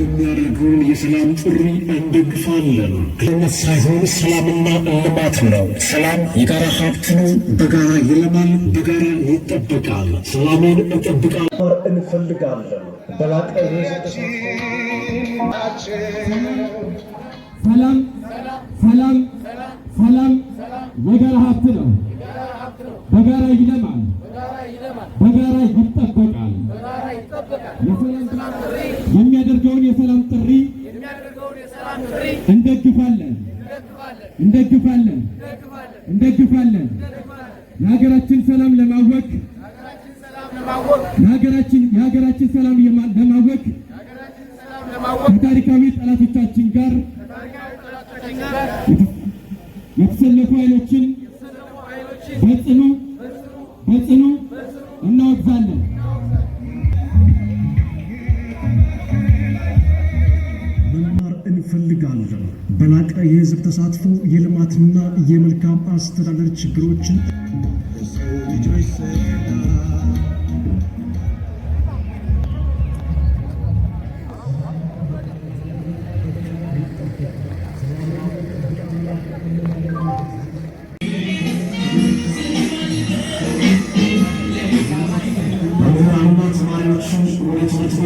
የሚያደርገውን የሰላም ጥሪ እንደግፋለን። ነት ሳይሆን ሰላምና ልማት ነው። ሰላም የጋራ ሀብት ነው። በጋራ ይለማል፣ በጋራ ይጠበቃል። ሰላምን እጠብቃል እንፈልጋለን። በላቀ ሰላም ሰላም ሰላም የጋራ ሀብት ነው። በጋራ ይለማል፣ በጋራ የሚያደርገውን የሰላም ጥሪ እንደግፋለን እንደግፋለን እንደግፋለን። የሀገራችን ሰላም ለማወክ የሀገራችን ሰላም ለማወክ ከታሪካዊ ጠላቶቻችን ጋር የተሰለፉ ኃይሎችን በጽኑ በጽኑ ይፈልጋሉ። በላቀ የህዝብ ተሳትፎ የልማትና የመልካም አስተዳደር ችግሮችን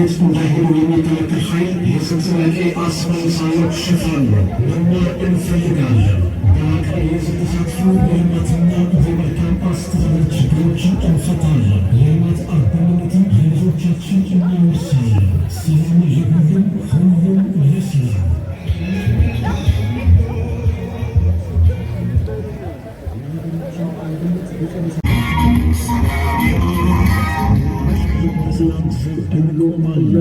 መንግስት እንዳይሆኑ የሚከለክል ኃይል የህዝብ ጥያቄ አስመልሳዮች ሽፋን ነው እና እንፈልጋለን። በአቅር የህዝብ ተሳትፎ የልማትና የመልካም አስተዳደር ችግሮችን እንፈታለን።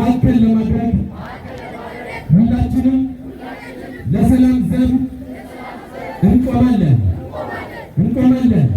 ማዕከል ለማድረግ ሁላችንም ለሰላም ዘብ እንቆማለን እንቆማለን።